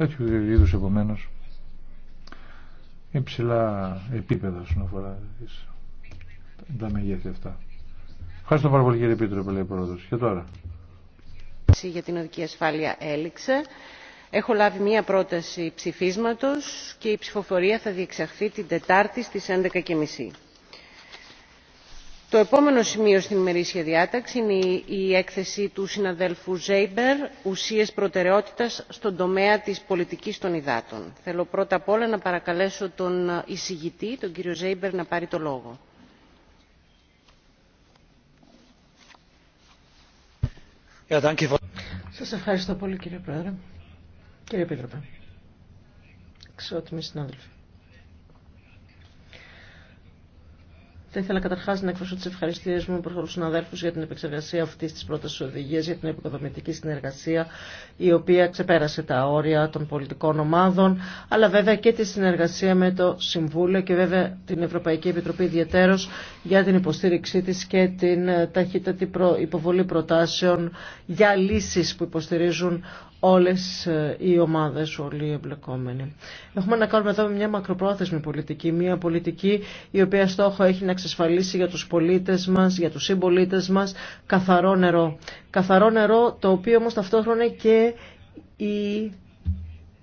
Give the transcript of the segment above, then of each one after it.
Τέτοιου είδου επομένω υψηλά επίπεδα όσον αφορά τις, τα μεγέθη αυτά. Ευχαριστώ πάρα πολύ κύριε Επίτροπε, λέει Και τώρα. ...για την οδική ασφάλεια έληξε. Έχω λάβει μία πρόταση ψηφίσματος και η ψηφοφορία θα διεξαχθεί την Τετάρτη στις 11.30. Το επόμενο σημείο στην ημερήσια διάταξη είναι η έκθεση του συναδέλφου Ζέιμπερ «Ουσίες προτεραιότητας στον τομέα της πολιτικής των υδάτων». Θέλω πρώτα απ' όλα να παρακαλέσω τον εισηγητή, τον κύριο Ζέιμπερ, να πάρει το λόγο. Σας ευχαριστώ πολύ κύριε Πρόεδρε, κύριε Επίτροπε, εξότιμοι συνάδελφοι. Θα ήθελα καταρχά να εκφράσω τι ευχαριστίε μου προ του συναδέλφου για την επεξεργασία αυτή τη πρώτη οδηγία για την επικοδομητική συνεργασία, η οποία ξεπέρασε τα όρια των πολιτικών ομάδων, αλλά βέβαια και τη συνεργασία με το Συμβούλιο και βέβαια την Ευρωπαϊκή Επιτροπή ιδιαίτερω για την υποστήριξή τη και την ταχύτατη υποβολή προτάσεων για λύσει που υποστηρίζουν όλες ε, οι ομάδες, όλοι οι εμπλεκόμενοι. Έχουμε να κάνουμε εδώ μια μακροπρόθεσμη πολιτική, μια πολιτική η οποία στόχο έχει να εξασφαλίσει για τους πολίτες μας, για τους συμπολίτε μας, καθαρό νερό. Καθαρό νερό το οποίο όμως ταυτόχρονα και η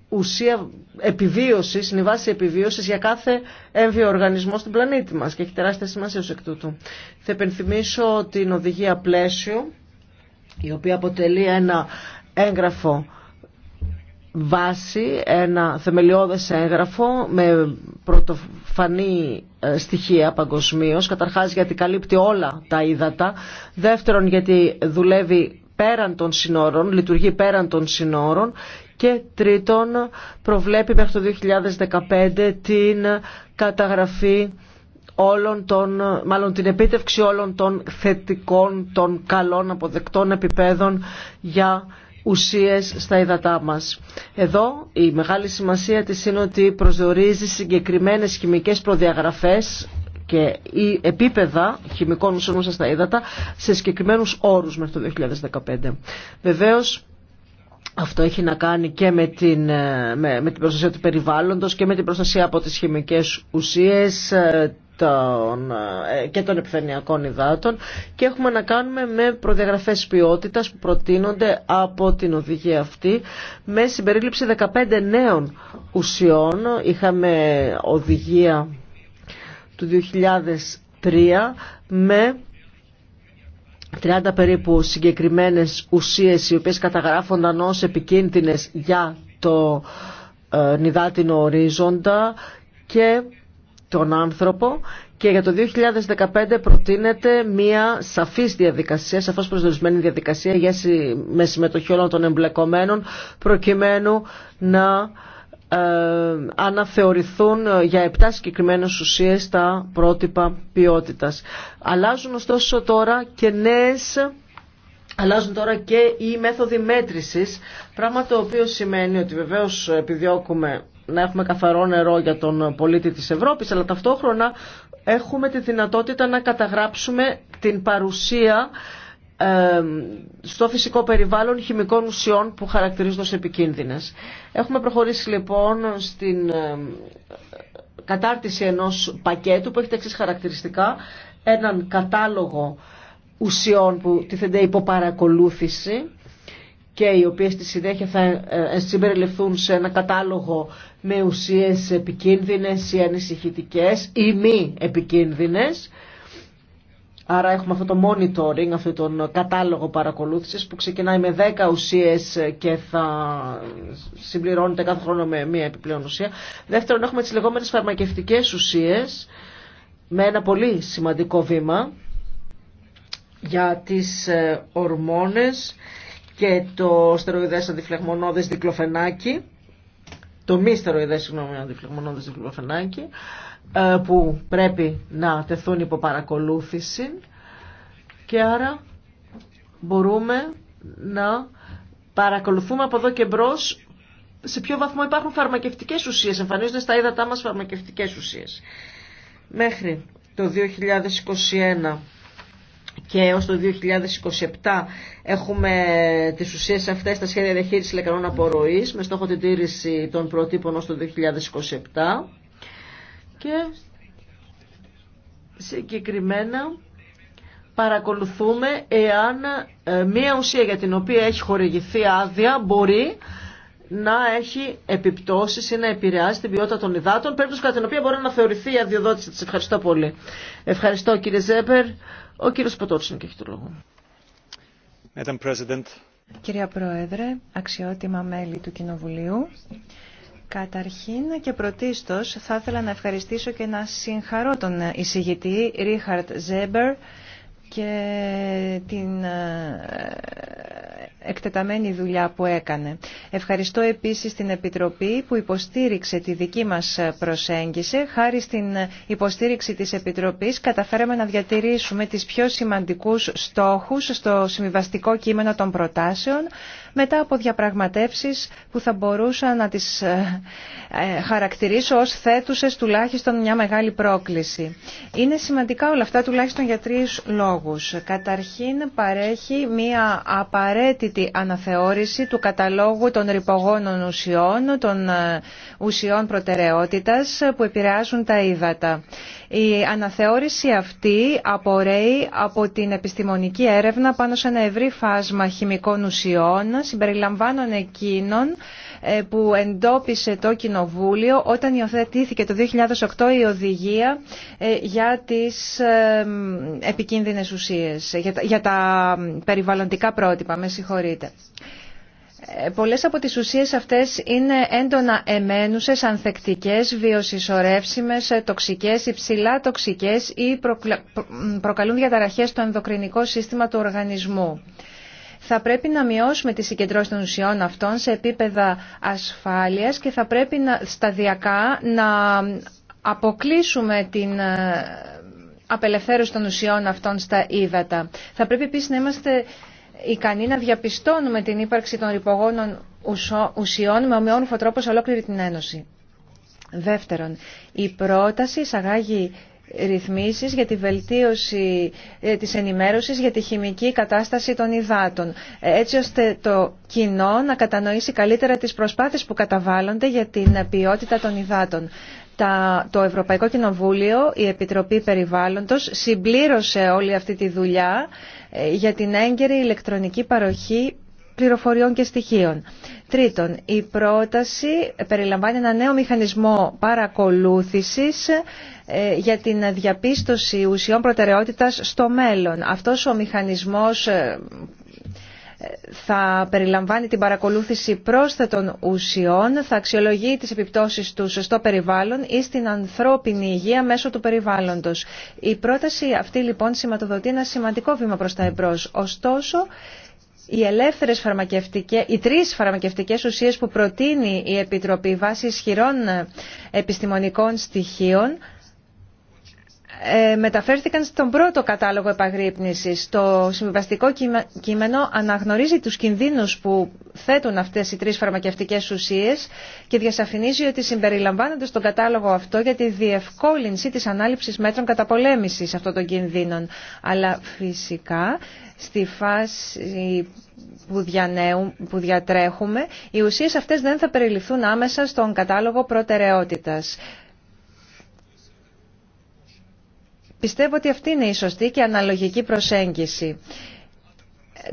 ουσία επιβίωση, είναι η βάση επιβίωση για κάθε έμβιο οργανισμό στον πλανήτη μας και έχει τεράστια σημασία ως εκ τούτου. Θα υπενθυμίσω την οδηγία πλαίσιο η οποία αποτελεί ένα έγγραφο βάση, ένα θεμελιώδες έγγραφο με πρωτοφανή ε, στοιχεία παγκοσμίω. Καταρχάς γιατί καλύπτει όλα τα ύδατα. Δεύτερον γιατί δουλεύει πέραν των συνόρων, λειτουργεί πέραν των συνόρων. Και τρίτον προβλέπει μέχρι το 2015 την καταγραφή όλων των, μάλλον την επίτευξη όλων των θετικών, των καλών αποδεκτών επιπέδων για ουσίες στα υδατά μας. Εδώ η μεγάλη σημασία της είναι ότι προσδιορίζει συγκεκριμένες χημικές προδιαγραφές και η επίπεδα χημικών ουσιών στα ύδατα σε συγκεκριμένους όρους μέχρι το 2015. Βεβαίως αυτό έχει να κάνει και με την, ε, με, την προστασία του περιβάλλοντος και με την προστασία από τις χημικές ουσίες, ε, ε, και των επιφανειακών υδάτων και έχουμε να κάνουμε με προδιαγραφές ποιότητας που προτείνονται από την οδηγία αυτή με συμπερίληψη 15 νέων ουσιών. Είχαμε οδηγία του 2003 με 30 περίπου συγκεκριμένες ουσίες οι οποίες καταγράφονταν ως επικίνδυνες για το ε, νιδάτινο ορίζοντα και τον άνθρωπο και για το 2015 προτείνεται μια σαφής διαδικασία, σαφώς προσδορισμένη διαδικασία για με συμμετοχή όλων των εμπλεκομένων προκειμένου να ε, αναθεωρηθούν για επτά συγκεκριμένες ουσίες τα πρότυπα ποιότητας. Αλλάζουν ωστόσο τώρα και νέες Αλλάζουν τώρα και οι μέθοδοι μέτρησης, πράγμα το οποίο σημαίνει ότι βεβαίως επιδιώκουμε να έχουμε καθαρό νερό για τον πολίτη της Ευρώπης, αλλά ταυτόχρονα έχουμε τη δυνατότητα να καταγράψουμε την παρουσία στο φυσικό περιβάλλον χημικών ουσιών που χαρακτηρίζονται ως επικίνδυνες. Έχουμε προχωρήσει λοιπόν στην κατάρτιση ενός πακέτου που έχει τα χαρακτηριστικά, έναν κατάλογο ουσιών που τίθενται υπό παρακολούθηση και οι οποίες στη συνέχεια θα ε, ε, συμπεριληφθούν σε ένα κατάλογο με ουσίες επικίνδυνες ή ανησυχητικές ή μη επικίνδυνες Άρα έχουμε αυτό το monitoring, αυτό τον κατάλογο παρακολούθησης που ξεκινάει με 10 ουσίες και θα συμπληρώνεται κάθε χρόνο με μία επιπλέον ουσία. Δεύτερον έχουμε τις λεγόμενες φαρμακευτικές ουσίες με ένα πολύ σημαντικό βήμα για τις ε, ορμόνες και το στεροειδές αντιφλεγμονώδες δικλοφενάκι το μύστερο ιδέα, συγγνώμη, αντιφλεγμονώντας την ε, που πρέπει να τεθούν υπό παρακολούθηση και άρα μπορούμε να παρακολουθούμε από εδώ και μπρο σε ποιο βαθμό υπάρχουν φαρμακευτικές ουσίες, εμφανίζονται στα ύδατά μας φαρμακευτικές ουσίες. Μέχρι το 2021 και έως το 2027 έχουμε τις ουσίες αυτές στα σχέδια διαχείρισης λεκανών απορροής με στόχο την τήρηση των προτύπων ως το 2027 και συγκεκριμένα παρακολουθούμε εάν ε, μία ουσία για την οποία έχει χορηγηθεί άδεια μπορεί να έχει επιπτώσει ή να επηρεάσει την ποιότητα των υδάτων, περίπτωση κατά την οποία μπορεί να θεωρηθεί η αδειοδότηση τη. Ευχαριστώ πολύ. Ευχαριστώ κύριε Ζέμπερ. Ο κύριο Ποτότσινγκ έχει το λόγο. Κυρία Πρόεδρε, αξιότιμα μέλη του Κοινοβουλίου. Καταρχήν και πρωτίστως θα ήθελα να επηρεασει την ποιοτητα των υδατων περιπτωση κατα την οποια μπορει να θεωρηθει η αδειοδοτηση τη ευχαριστω πολυ ευχαριστω κυριε ζεπερ ο κυριο ποτοτσινγκ εχει το λογο κυρια προεδρε αξιοτιμα μελη του κοινοβουλιου καταρχην και πρωτιστως θα ηθελα να ευχαριστησω και να συγχαρώ τον εισηγητή Ρίχαρτ Ζέμπερ και την ε, εκτεταμένη δουλειά που έκανε. Ευχαριστώ επίσης την Επιτροπή που υποστήριξε τη δική μας προσέγγιση. Χάρη στην υποστήριξη της Επιτροπής καταφέραμε να διατηρήσουμε τις πιο σημαντικούς στόχους στο συμβιβαστικό κείμενο των προτάσεων μετά από διαπραγματεύσεις που θα μπορούσα να τις ε, ε, χαρακτηρίσω ως θέτουσες τουλάχιστον μια μεγάλη πρόκληση. Είναι σημαντικά όλα αυτά τουλάχιστον για τρεις λόγους. Καταρχήν παρέχει μια απαραίτητη αναθεώρηση του καταλόγου των ρηπογόνων ουσιών, των ε, ουσιών προτεραιότητας που επηρεάζουν τα ύδατα. Η αναθεώρηση αυτή απορρέει από την επιστημονική έρευνα πάνω σε ένα ευρύ φάσμα χημικών ουσιών συμπεριλαμβάνων εκείνων ε, που εντόπισε το Κοινοβούλιο όταν υιοθετήθηκε το 2008 η οδηγία ε, για τις ε, επικίνδυνες ουσίες, για τα περιβαλλοντικά πρότυπα, με συγχωρείτε. Πολλές από τις ουσίες αυτές είναι έντονα εμένουσες, ανθεκτικές, βιοσυσσωρεύσιμες, τοξικές, υψηλά τοξικές ή προκαλούν διαταραχές στο ενδοκρινικό σύστημα του οργανισμού θα πρέπει να μειώσουμε τη συγκεντρώση των ουσιών αυτών σε επίπεδα ασφάλειας και θα πρέπει να, σταδιακά να αποκλείσουμε την ε, απελευθέρωση των ουσιών αυτών στα ύδατα. Θα πρέπει επίσης να είμαστε ικανοί να διαπιστώνουμε την ύπαρξη των ρηπογόνων ουσιών με ομοιόμορφο τρόπο σε ολόκληρη την Ένωση. Δεύτερον, η πρόταση εισαγάγει ρυθμίσεις για τη βελτίωση ε, της ενημέρωσης για τη χημική κατάσταση των υδάτων, ε, έτσι ώστε το κοινό να κατανοήσει καλύτερα τις προσπάθειες που καταβάλλονται για την ποιότητα των υδάτων. Το Ευρωπαϊκό Κοινοβούλιο, η Επιτροπή Περιβάλλοντος συμπλήρωσε όλη αυτή τη δουλειά ε, για την έγκαιρη ηλεκτρονική παροχή πληροφοριών και στοιχείων. Τρίτον, η πρόταση περιλαμβάνει ένα νέο μηχανισμό παρακολούθησης ε, για την διαπίστωση ουσιών προτεραιότητας στο μέλλον. Αυτός ο μηχανισμός ε, θα περιλαμβάνει την παρακολούθηση πρόσθετων ουσιών, θα αξιολογεί τις επιπτώσεις του στο περιβάλλον ή στην ανθρώπινη υγεία μέσω του περιβάλλοντος. Η πρόταση αυτή λοιπόν σηματοδοτεί ένα σημαντικό βήμα προς τα εμπρός. Ωστόσο, οι ελεύθερες φαρμακευτικές, οι τρεις φαρμακευτικές ουσίες που προτείνει η Επιτροπή βάσει ισχυρών επιστημονικών στοιχείων ε, μεταφέρθηκαν στον πρώτο κατάλογο επαγρύπνησης. Το συμβιβαστικό κείμενο αναγνωρίζει τους κινδύνους που θέτουν αυτές οι τρεις φαρμακευτικές ουσίες και διασαφηνίζει ότι συμπεριλαμβάνονται στον κατάλογο αυτό για τη διευκόλυνση της ανάληψης μέτρων καταπολέμησης αυτών των κινδύνων. Αλλά φυσικά στη φάση που, που διατρέχουμε, οι ουσίες αυτές δεν θα περιληφθούν άμεσα στον κατάλογο προτεραιότητας. Πιστεύω ότι αυτή είναι η σωστή και αναλογική προσέγγιση.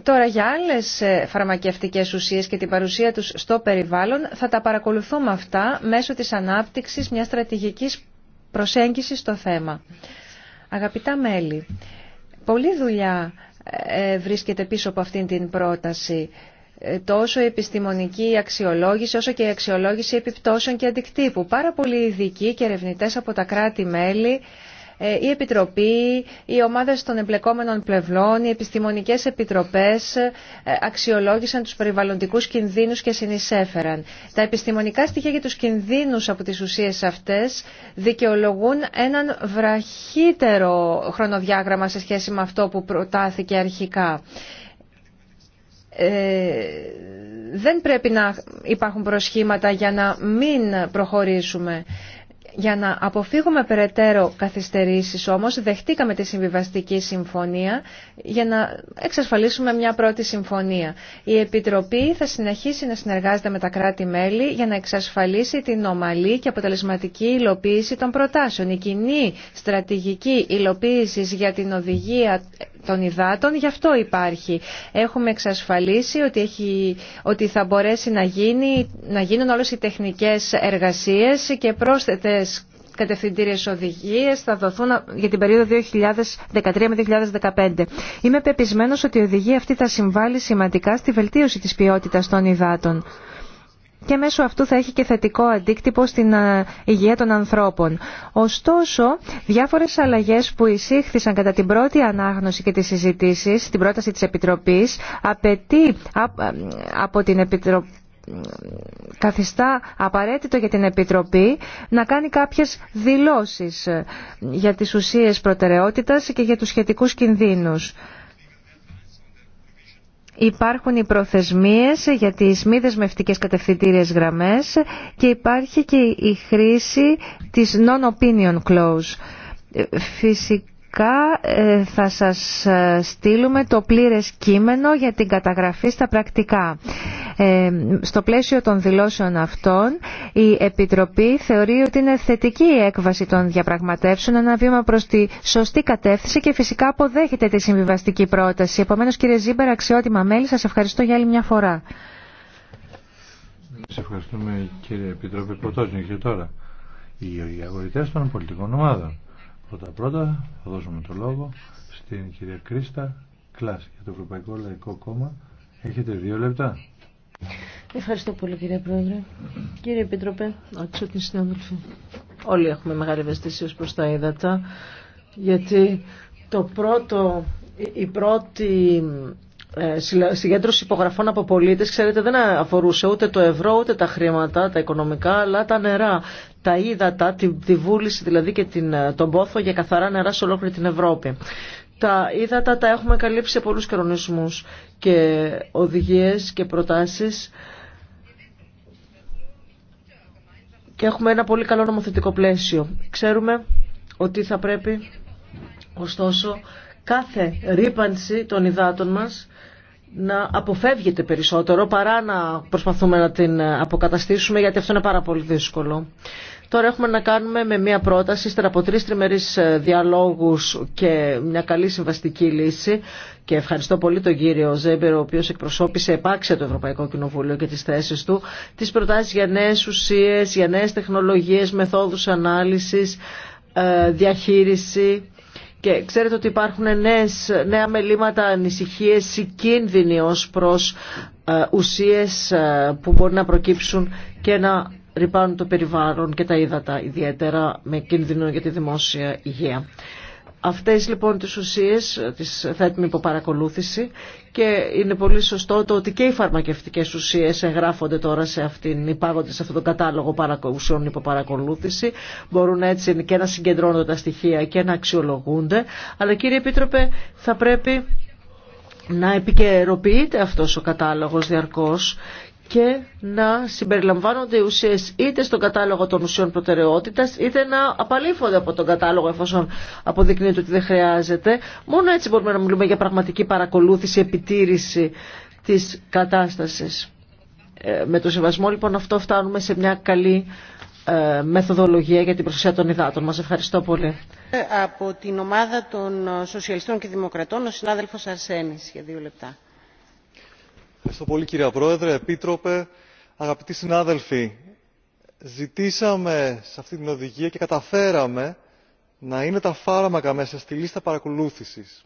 Τώρα για άλλες ε, φαρμακευτικές ουσίες και την παρουσία τους στο περιβάλλον θα τα παρακολουθούμε αυτά μέσω της ανάπτυξης μιας στρατηγικής προσέγγισης στο θέμα. Αγαπητά μέλη, πολλή δουλειά ε, βρίσκεται πίσω από αυτήν την πρόταση ε, τόσο η επιστημονική αξιολόγηση όσο και η αξιολόγηση επιπτώσεων και αντικτύπου. Πάρα πολλοί ειδικοί και ερευνητέ από τα κράτη-μέλη ε, η Επιτροπή, οι ομάδες των εμπλεκόμενων πλευρών, οι επιστημονικές επιτροπές ε, αξιολόγησαν τους περιβαλλοντικούς κινδύνους και συνεισέφεραν. Τα επιστημονικά στοιχεία για τους κινδύνους από τις ουσίες αυτές δικαιολογούν έναν βραχύτερο χρονοδιάγραμμα σε σχέση με αυτό που προτάθηκε αρχικά. Ε, δεν πρέπει να υπάρχουν προσχήματα για να μην προχωρήσουμε. Για να αποφύγουμε περαιτέρω καθυστερήσεις όμως, δεχτήκαμε τη συμβιβαστική συμφωνία για να εξασφαλίσουμε μια πρώτη συμφωνία. Η Επιτροπή θα συνεχίσει να συνεργάζεται με τα κράτη-μέλη για να εξασφαλίσει την ομαλή και αποτελεσματική υλοποίηση των προτάσεων. Η κοινή στρατηγική υλοποίηση για την οδηγία των υδάτων, γι' αυτό υπάρχει. Έχουμε εξασφαλίσει ότι, έχει, ότι θα μπορέσει να, γίνει, να γίνουν όλες οι τεχνικές εργασίες και πρόσθετες κατευθυντήριες οδηγίες θα δοθούν για την περίοδο 2013 με 2015. Είμαι πεπισμένο ότι η οδηγία αυτή θα συμβάλλει σημαντικά στη βελτίωση της ποιότητας των υδάτων και μέσω αυτού θα έχει και θετικό αντίκτυπο στην ε, υγεία των ανθρώπων. Ωστόσο, διάφορες αλλαγές που εισήχθησαν κατά την πρώτη ανάγνωση και τις συζητήσεις, την πρόταση της Επιτροπής, απαιτεί ε, από την Επιτροπή καθιστά απαραίτητο για την Επιτροπή να κάνει κάποιες δηλώσεις ε, για τις ουσίες προτεραιότητας και για τους σχετικούς κινδύνους. Υπάρχουν οι προθεσμίες για τις μη δεσμευτικές κατευθυντήριες γραμμές και υπάρχει και η χρήση της non-opinion clause. Ε, φυσικά ε, θα σας ε, στείλουμε το πλήρες κείμενο για την καταγραφή στα πρακτικά. Ε, στο πλαίσιο των δηλώσεων αυτών η Επιτροπή θεωρεί ότι είναι θετική η έκβαση των διαπραγματεύσεων, ένα βήμα προ τη σωστή κατεύθυνση και φυσικά αποδέχεται τη συμβιβαστική πρόταση. Επομένω, κύριε Ζήμπερ, αξιότιμα μέλη, σα ευχαριστώ για άλλη μια φορά. Σας ευχαριστούμε κύριε Επιτροπή Πρωτόζνη και τώρα οι αγωγητέ των πολιτικών ομάδων. Πρώτα πρώτα θα δώσουμε το λόγο στην κυρία Κρίστα Κλάς για το Ευρωπαϊκό Λαϊκό Κόμμα. Έχετε δύο λεπτά. Ευχαριστώ πολύ κύριε Πρόεδρε. Κύριε Επίτροπε, τη συνάδελφοι. Όλοι έχουμε μεγάλη ευαισθησία προς τα ύδατα, γιατί το πρώτο, η πρώτη ε, συγκέντρωση υπογραφών από πολίτες, ξέρετε, δεν αφορούσε ούτε το ευρώ, ούτε τα χρήματα, τα οικονομικά, αλλά τα νερά, τα ύδατα, τη, βούληση δηλαδή και την, ε, τον πόθο για καθαρά νερά σε ολόκληρη την Ευρώπη τα ύδατα τα έχουμε καλύψει σε πολλούς κανονισμούς και οδηγίες και προτάσεις και έχουμε ένα πολύ καλό νομοθετικό πλαίσιο. Ξέρουμε ότι θα πρέπει ωστόσο κάθε ρήπανση των υδάτων μας να αποφεύγεται περισσότερο παρά να προσπαθούμε να την αποκαταστήσουμε γιατί αυτό είναι πάρα πολύ δύσκολο. Τώρα έχουμε να κάνουμε με μια πρόταση, ύστερα από τρει τριμερεί ε, διαλόγου και μια καλή συμβαστική λύση. Και ευχαριστώ πολύ τον κύριο Ζέμπερ, ο οποίο εκπροσώπησε επάξια το Ευρωπαϊκό Κοινοβούλιο και τι θέσει του, τι προτάσει για νέε ουσίε, για νέε τεχνολογίε, μεθόδου ανάλυση, ε, διαχείριση. Και ξέρετε ότι υπάρχουν νέες, νέα μελήματα, ανησυχίες ή κίνδυνοι ω προς ε, ουσίες που μπορεί να προκύψουν και να ρυπάνουν το περιβάλλον και τα ύδατα ιδιαίτερα με κίνδυνο για τη δημόσια υγεία. Αυτές λοιπόν τις ουσίες τις θέτουμε υπό παρακολούθηση και είναι πολύ σωστό το ότι και οι φαρμακευτικές ουσίες εγγράφονται τώρα σε αυτήν, υπάγονται σε αυτόν τον κατάλογο ουσιών υπό παρακολούθηση. Μπορούν έτσι και να συγκεντρώνονται τα στοιχεία και να αξιολογούνται. Αλλά κύριε Επίτροπε θα πρέπει να επικαιροποιείται αυτός ο κατάλογος διαρκώς και να συμπεριλαμβάνονται οι ουσίες είτε στον κατάλογο των ουσιών προτεραιότητας είτε να απαλήφονται από τον κατάλογο εφόσον αποδεικνύεται ότι δεν χρειάζεται. Μόνο έτσι μπορούμε να μιλούμε για πραγματική παρακολούθηση, επιτήρηση της κατάστασης. Ε, με το σεβασμό λοιπόν αυτό φτάνουμε σε μια καλή ε, μεθοδολογία για την προστασία των υδάτων. Μας ευχαριστώ πολύ. Ε, από την ομάδα των Σοσιαλιστών και Δημοκρατών, ο συνάδελφος Αρσένης για δύο λεπτά πολύ κύριε πρόεδρε επίτροπε αγαπητοί συνάδελφοι ζητήσαμε σε αυτή την οδηγία και καταφέραμε να είναι τα φάρμακα μέσα στη λίστα παρακολούθησης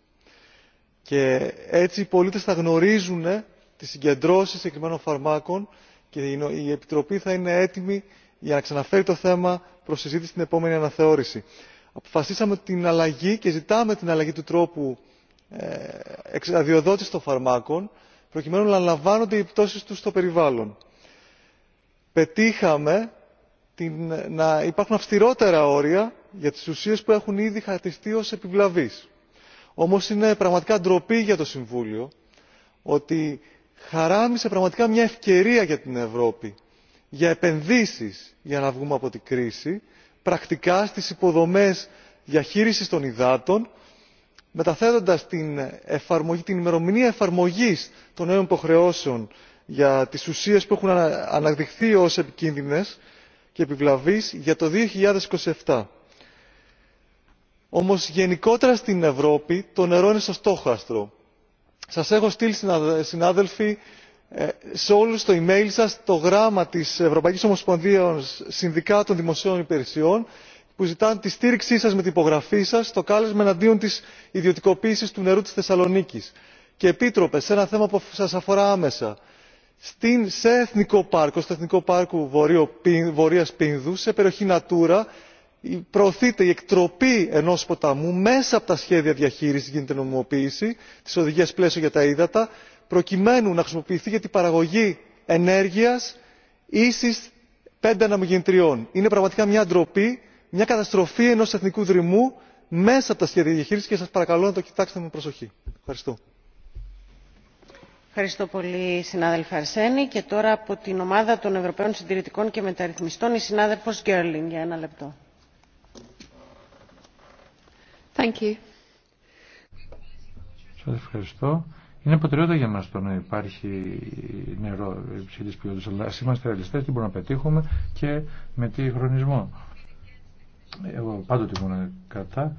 και έτσι οι πολίτες θα γνωρίζουν τις συγκεντρώσεις συγκεκριμένων φαρμάκων και η επιτροπή θα είναι έτοιμη για να ξαναφέρει το θέμα προς συζήτηση στην επόμενη αναθεώρηση. αποφασίσαμε την αλλαγή και ζητάμε την αλλαγή του τρόπου ε, αδειοδότησης των φαρμάκων προκειμένου να λαμβάνονται οι πτώσεις του στο περιβάλλον. πετύχαμε να υπάρχουν αυστηρότερα όρια για τις ουσίες που έχουν ήδη χαρτιστεί ως επιβλαβείς. όμως είναι πραγματικά ντροπή για το συμβούλιο ότι χαράμισε πραγματικά μια ευκαιρία για την ευρώπη για επενδύσεις για να βγούμε από την κρίση πρακτικά στις υποδομές διαχείρισης των υδάτων μεταθέτοντας την, ημερομηνία εφαρμογής των νέων υποχρεώσεων για τις ουσίες που έχουν αναδειχθεί ως επικίνδυνες και επιβλαβείς για το 2027. Όμως γενικότερα στην Ευρώπη το νερό είναι στο στόχαστρο. Σας έχω στείλει συνάδελφοι ε, σε όλους το email σας το γράμμα της Ευρωπαϊκής Ομοσπονδίας Συνδικάτων Δημοσίων Υπηρεσιών που ζητάνε τη στήριξή σας με την υπογραφή σας στο κάλεσμα εναντίον της ιδιωτικοποίησης του νερού της θεσσαλονίκης. και επίτροπε σε ένα θέμα που σας αφορά άμεσα σε εθνικό πάρκο στο εθνικό πάρκο βορείας πίνδου σε περιοχή Νατούρα... προωθείται η εκτροπή ενός ποταμού μέσα από τα σχέδια διαχείρισης γίνεται νομιμοποίηση της οδηγίας πλαίσιο για τα ύδατα προκειμένου να χρησιμοποιηθεί για την παραγωγή ενέργειας ίση πέντε αναμογεννητριών. είναι πραγματικά μια ντροπή μια καταστροφή ενό εθνικού δρυμού μέσα από τα σχέδια διαχείριση και σα παρακαλώ να το κοιτάξετε με προσοχή. Ευχαριστώ. Ευχαριστώ πολύ, συνάδελφε Αρσένη. Και τώρα από την ομάδα των Ευρωπαίων Συντηρητικών και Μεταρρυθμιστών, η συνάδελφο Γκέρλινγκ, για ένα λεπτό. Thank you. Σας ευχαριστώ. Είναι υποτριότητα για μας το να υπάρχει νερό υψηλής ποιότητας, αλλά είμαστε ρεαλιστές, τι μπορούμε να πετύχουμε και με τι χρονισμό. Εγώ πάντοτε ήμουν κατά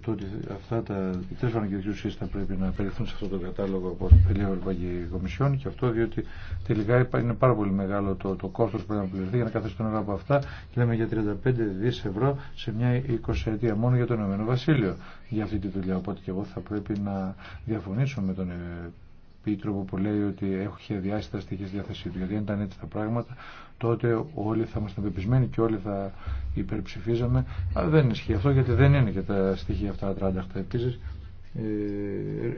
το, ότι αυτά τα τρεις φαρμακευτικές θα πρέπει να περιεχθούν σε αυτό το κατάλογο από την Ευρωπαϊκή Κομισιόν και αυτό διότι τελικά είναι πάρα πολύ μεγάλο το, το κόστος που πρέπει να πληρωθεί για να καθίσει τον από αυτά και λέμε για 35 δις ευρώ σε μια 20 ετία μόνο για το Ηνωμένο Βασίλειο για αυτή τη δουλειά οπότε και εγώ θα πρέπει να διαφωνήσω με τον ε, επίτροπο που λέει ότι έχω διάσει τα στοιχεία στη διάθεσή του. Γιατί αν ήταν έτσι τα πράγματα, τότε όλοι θα ήμασταν πεπισμένοι και όλοι θα υπερψηφίζαμε. Αλλά δεν ισχύει αυτό γιατί δεν είναι και τα στοιχεία αυτά τράνταχτα. Επίση,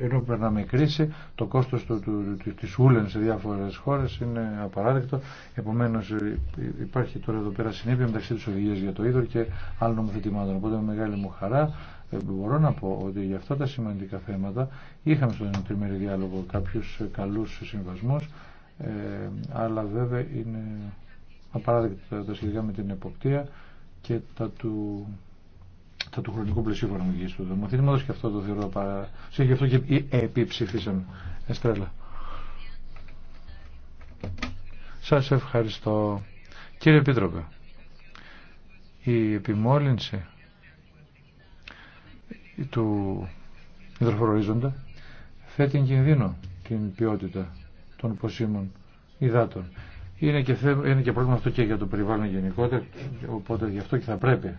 ε, ενώ περνάμε κρίση, το κόστος του, του, της ούλεν σε διάφορες χώρες είναι απαράδεκτο. Επομένω, ε, υπάρχει τώρα εδώ πέρα συνέπεια μεταξύ τη οδηγία για το είδωρο και άλλων νομοθετημάτων. Οπότε με μεγάλη μου χαρά μπορώ να πω ότι για αυτά τα σημαντικά θέματα είχαμε στον τριμερή διάλογο κάποιους καλούς συμβασμούς ε, αλλά βέβαια είναι απαράδεκτα τα σχετικά με την εποπτεία και τα του, τα του χρονικού πλαισίου εφαρμογή του νομοθετήματο και αυτό το θεωρώ παρά. Γι' αυτό και επιψηφίσαμε. Εστρέλα. Σας ευχαριστώ. Κύριε Επίτροπε, η επιμόλυνση του υδροφορορίζοντα θέτει εν κινδύνο την ποιότητα των ποσίμων υδάτων. Είναι και, είναι και πρόβλημα αυτό και για το περιβάλλον γενικότερα, οπότε γι' αυτό και θα πρέπει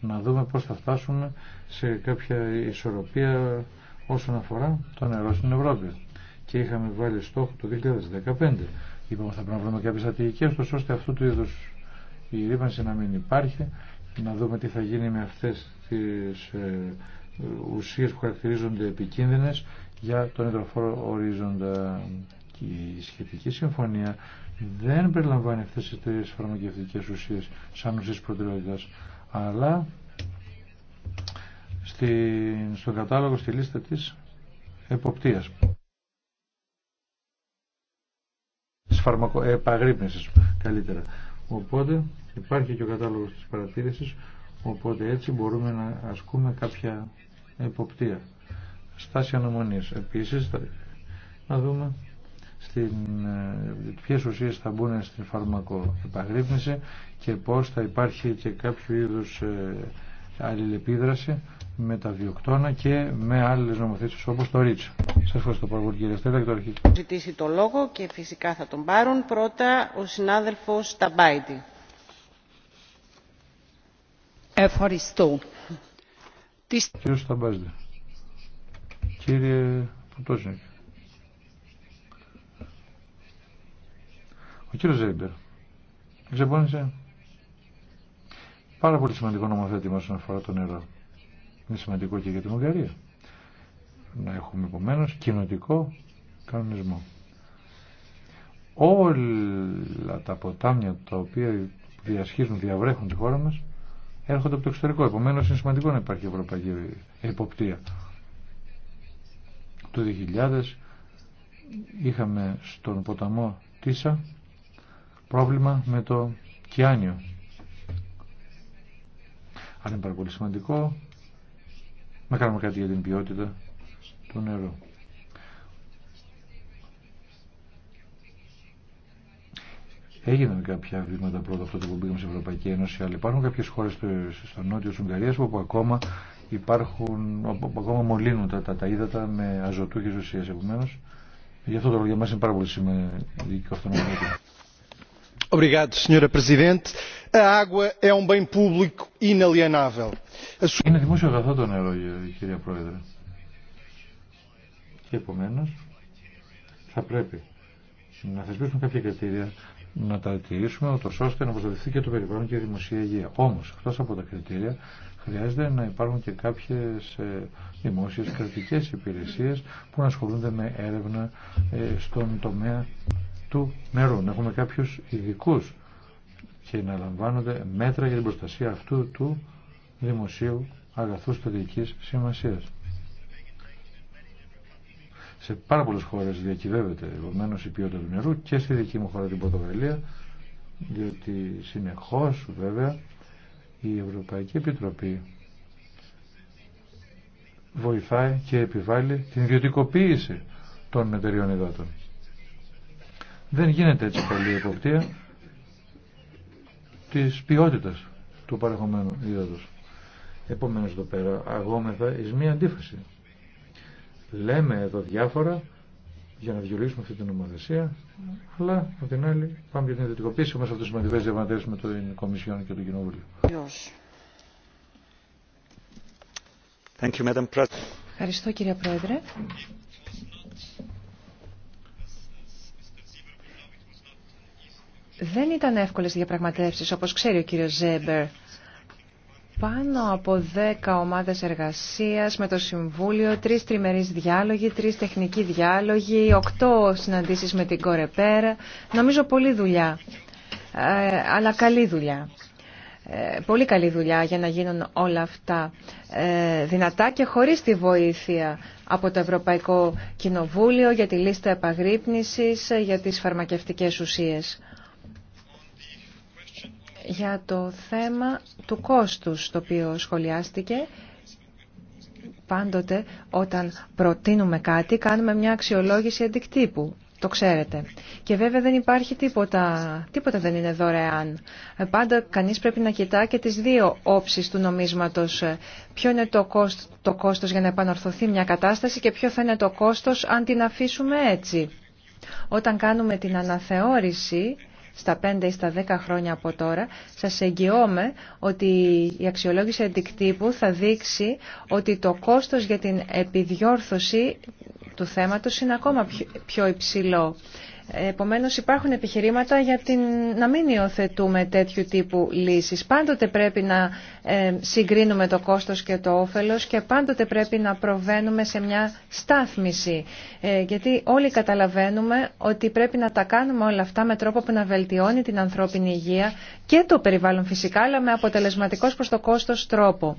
να δούμε πώς θα φτάσουμε σε κάποια ισορροπία όσον αφορά το νερό στην Ευρώπη. Και είχαμε βάλει στόχο το 2015. Είπαμε θα πρέπει να βρούμε κάποιες στρατηγικές, ώστε αυτού του είδους η ρήπανση να μην υπάρχει, να δούμε τι θα γίνει με αυτές τις ε, ουσίες που χαρακτηρίζονται επικίνδυνες για τον υδροφόρο ορίζοντα. η σχετική συμφωνία δεν περιλαμβάνει αυτές τις τρεις φαρμακευτικές ουσίες σαν ουσίες προτεραιότητας, αλλά στο στον κατάλογο, στη λίστα της εποπτείας. Της ε, καλύτερα. Οπότε υπάρχει και ο κατάλογος της παρατήρησης, οπότε έτσι μπορούμε να ασκούμε κάποια εποπτεία. Στάση αναμονής. Επίσης, να δούμε στην, ε, ποιες ουσίες θα μπουν στην φαρμακοεπαγρύπνηση και πώς θα υπάρχει και κάποιο είδους ε, αλληλεπίδραση με τα βιοκτώνα και με άλλες νομοθέσει, όπως το ΡΙΤΣ. Σας ευχαριστώ πάρα πολύ κύριε Στέλλα και το αρχή. Ζητήσει το λόγο και φυσικά θα τον πάρουν πρώτα ο συνάδελφος Ταμπάιντι. Ευχαριστώ. Κύριε Σταμπάζη. κύριε Ποτότσνικ, ο κύριος Ζέιμπερ ξεπώνησε πάρα πολύ σημαντικό νομοθέτημα όσον αφορά το νερό. Είναι σημαντικό και για την Ουγγαρία. Να έχουμε επομένω κοινοτικό κανονισμό. Όλα τα ποτάμια τα οποία διασχίζουν, διαβρέχουν τη χώρα μας έρχονται από το εξωτερικό. Επομένως είναι σημαντικό να υπάρχει ευρωπαϊκή εποπτεία. Το 2000 είχαμε στον ποταμό Τίσα πρόβλημα με το Κιάνιο. Αλλά είναι πάρα πολύ σημαντικό να κάνουμε κάτι για την ποιότητα του νερού. Έγιναν κάποια βήματα πρώτα από το που πήγαμε στην Ευρωπαϊκή Ένωση, αλλά υπάρχουν κάποιε χώρε στο νότιο τη Ουγγαρία όπου ακόμα υπάρχουν, ακόμα μολύνουν τα, τα, τα ύδατα με αζωτούχε ουσίε. Επομένω, γι' αυτό το λόγο για μα είναι πάρα πολύ σημαντική αυτονομία. Obrigado, Sra. Presidente. A água é um bem público inalienável. Είναι δημόσιο αγαθό το νερό, ε, κυρία Πρόεδρε. Και επομένω θα πρέπει να θεσπίσουμε κάποια κριτήρια να τα τηρήσουμε ούτως ώστε να προστατευτεί και το περιβάλλον και η δημοσία υγεία. Όμως, εκτός από τα κριτήρια, χρειάζεται να υπάρχουν και κάποιες ε, δημόσιες κρατικές υπηρεσίες που να ασχολούνται με έρευνα ε, στον τομέα του νερού. Να έχουμε κάποιους ειδικού και να λαμβάνονται μέτρα για την προστασία αυτού του δημοσίου αγαθού στρατηγικής σημασίας σε πάρα πολλές χώρες διακυβεύεται επομένω η ποιότητα του νερού και στη δική μου χώρα την Πορτογαλία διότι συνεχώς βέβαια η Ευρωπαϊκή Επιτροπή βοηθάει και επιβάλλει την ιδιωτικοποίηση των εταιριών υδάτων. Δεν γίνεται έτσι καλή εποπτεία της ποιότητας του παρεχομένου υδάτος. Επομένως εδώ πέρα αγόμεθα εις μία αντίφαση. Λέμε εδώ διάφορα για να διολύσουμε αυτή την νομοθεσία, αλλά από την άλλη πάμε για την ιδιωτικοποίηση μέσα από τι σημαντικέ διαμαντεύσει με την Κομισιόν και το Κοινοβούλιο. Ευχαριστώ κύριε Πρόεδρε. Δεν ήταν εύκολες διαπραγματεύσεις, όπως ξέρει ο κύριος Ζέμπερ πάνω από 10 ομάδες εργασίας με το Συμβούλιο, τρεις τριμερείς διάλογοι, τρεις τεχνικοί διάλογοι, οκτώ συναντήσεις με την Κορεπέρ. Νομίζω πολλή δουλειά, ε, αλλά καλή δουλειά. Ε, πολύ καλή δουλειά για να γίνουν όλα αυτά ε, δυνατά και χωρίς τη βοήθεια από το Ευρωπαϊκό Κοινοβούλιο για τη λίστα επαγρύπνησης, για τις φαρμακευτικές ουσίες για το θέμα του κόστους το οποίο σχολιάστηκε. Πάντοτε όταν προτείνουμε κάτι κάνουμε μια αξιολόγηση αντικτύπου. Το ξέρετε. Και βέβαια δεν υπάρχει τίποτα. Τίποτα δεν είναι δωρεάν. Πάντα κανείς πρέπει να κοιτά και τις δύο όψεις του νομίσματος. Ποιο είναι το, κόστ, το κόστος για να επανορθωθεί μια κατάσταση και ποιο θα είναι το κόστος αν την αφήσουμε έτσι. Όταν κάνουμε την αναθεώρηση στα 5 ή στα 10 χρόνια από τώρα, σας εγγυώμαι ότι η αξιολόγηση αντικτύπου θα δείξει ότι το κόστος για την επιδιόρθωση του θέματος είναι ακόμα πιο υψηλό. Επομένω, υπάρχουν επιχειρήματα για την, να μην υιοθετούμε τέτοιου τύπου λύσεις. Πάντοτε πρέπει να ε, συγκρίνουμε το κόστος και το όφελος και πάντοτε πρέπει να προβαίνουμε σε μια στάθμιση. Ε, γιατί όλοι καταλαβαίνουμε ότι πρέπει να τα κάνουμε όλα αυτά με τρόπο που να βελτιώνει την ανθρώπινη υγεία και το περιβάλλον φυσικά, αλλά με αποτελεσματικό προ το κόστο τρόπο.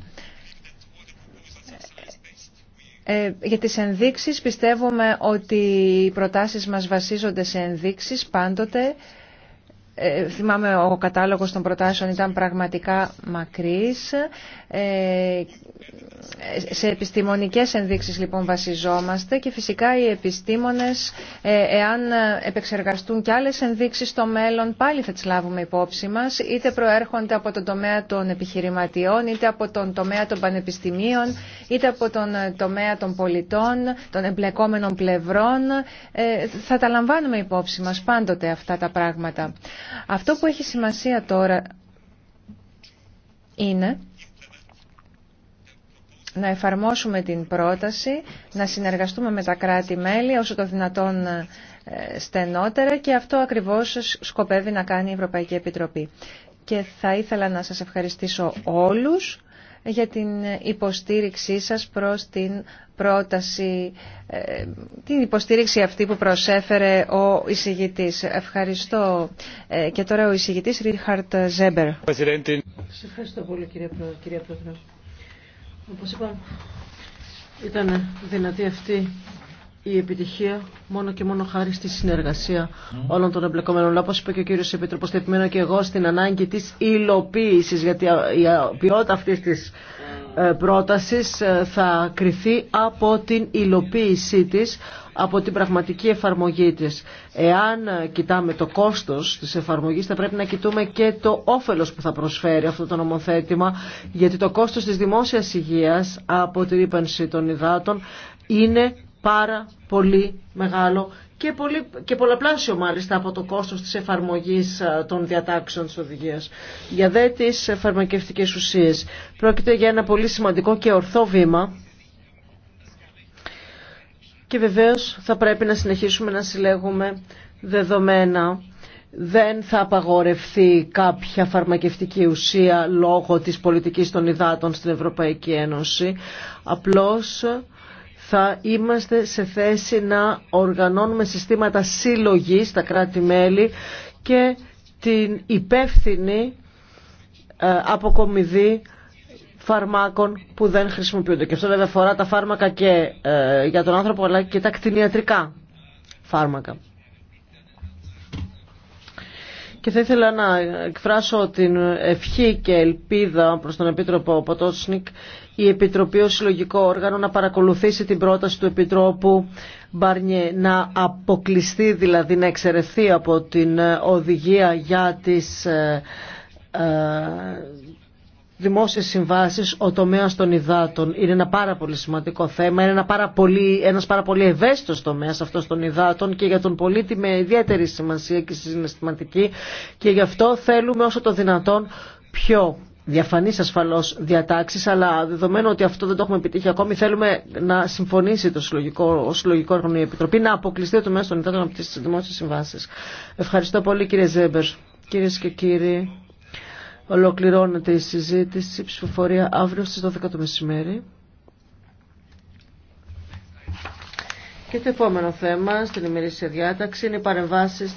Ε, για τις ενδείξεις πιστεύουμε ότι οι προτάσεις μας βασίζονται σε ενδείξεις πάντοτε. Ε, θυμάμαι ο κατάλογος των προτάσεων ήταν πραγματικά μακρύς. Ε, σε επιστημονικές ενδείξεις λοιπόν βασιζόμαστε και φυσικά οι επιστήμονες ε, εάν επεξεργαστούν και άλλες ενδείξεις στο μέλλον πάλι θα τις λάβουμε υπόψη μας είτε προέρχονται από τον τομέα των επιχειρηματιών είτε από τον τομέα των πανεπιστημίων είτε από τον ε, τομέα των πολιτών, των εμπλεκόμενων πλευρών. Ε, θα τα λαμβάνουμε υπόψη μας πάντοτε αυτά τα πράγματα. Αυτό που έχει σημασία τώρα είναι να εφαρμόσουμε την πρόταση, να συνεργαστούμε με τα κράτη-μέλη όσο το δυνατόν ε, στενότερα και αυτό ακριβώς σκοπεύει να κάνει η Ευρωπαϊκή Επιτροπή. Και θα ήθελα να σας ευχαριστήσω όλους για την υποστήριξή σας προς την πρόταση, ε, την υποστήριξη αυτή που προσέφερε ο εισηγητής. Ευχαριστώ. Ε, και τώρα ο εισηγητής Ρίχαρτ Ζέμπερ. Σας ευχαριστώ πολύ κύριε Κυρία Πρόεδρε. Όπως είπα, ήταν δυνατή αυτή η επιτυχία μόνο και μόνο χάρη στη συνεργασία όλων των εμπλεκομένων. Όπω είπε και ο κύριο Επίτροπο, θα επιμένω και εγώ στην ανάγκη τη υλοποίηση, γιατί η ποιότητα αυτή τη ε, πρόταση ε, θα κριθεί από την υλοποίησή τη, από την πραγματική εφαρμογή τη. Εάν ε, κοιτάμε το κόστο τη εφαρμογή, θα πρέπει να κοιτούμε και το όφελο που θα προσφέρει αυτό το νομοθέτημα, γιατί το κόστο τη δημόσια υγεία από την ρήπανση των υδάτων είναι πάρα πολύ μεγάλο και, πολύ, και πολλαπλάσιο μάλιστα από το κόστος της εφαρμογής ε, των διατάξεων της οδηγίας. Για δε τις φαρμακευτικές ουσίες. Πρόκειται για ένα πολύ σημαντικό και ορθό βήμα και βεβαίως θα πρέπει να συνεχίσουμε να συλλέγουμε δεδομένα δεν θα απαγορευθεί κάποια φαρμακευτική ουσία λόγω της πολιτικής των υδάτων στην Ευρωπαϊκή Ένωση. Απλώς θα είμαστε σε θέση να οργανώνουμε συστήματα συλλογής στα κράτη-μέλη και την υπεύθυνη ε, αποκομιδή φαρμάκων που δεν χρησιμοποιούνται. Και αυτό βέβαια αφορά τα φάρμακα και ε, για τον άνθρωπο αλλά και τα κτηνιατρικά φάρμακα. Και θα ήθελα να εκφράσω την ευχή και ελπίδα προς τον Επίτροπο Ποτόσνικ η Επιτροπή ως συλλογικό όργανο να παρακολουθήσει την πρόταση του Επιτρόπου Μπαρνιέ να αποκλειστεί δηλαδή να εξαιρεθεί από την οδηγία για τις ε, ε, δημόσιες συμβάσεις, ο τομέας των υδάτων είναι ένα πάρα πολύ σημαντικό θέμα, είναι ένα πάρα πολύ, ένας πάρα πολύ ευαίσθητος τομέας αυτός των υδάτων και για τον πολίτη με ιδιαίτερη σημασία και συναισθηματική και γι' αυτό θέλουμε όσο το δυνατόν πιο διαφανείς ασφαλώς διατάξεις, αλλά δεδομένου ότι αυτό δεν το έχουμε επιτύχει ακόμη, θέλουμε να συμφωνήσει το συλλογικό, ο συλλογικό όργανο η Επιτροπή να αποκλειστεί το μέσο των υδάτων από τις δημόσιες συμβάσεις. Ευχαριστώ πολύ κύριε Ζέμπερ. Κυρίες και κύριοι. Ολοκληρώνεται η συζήτηση, η ψηφοφορία αύριο στις 12 το μεσημέρι. Και το επόμενο θέμα στην ημερήσια διάταξη είναι οι παρεμβάσεις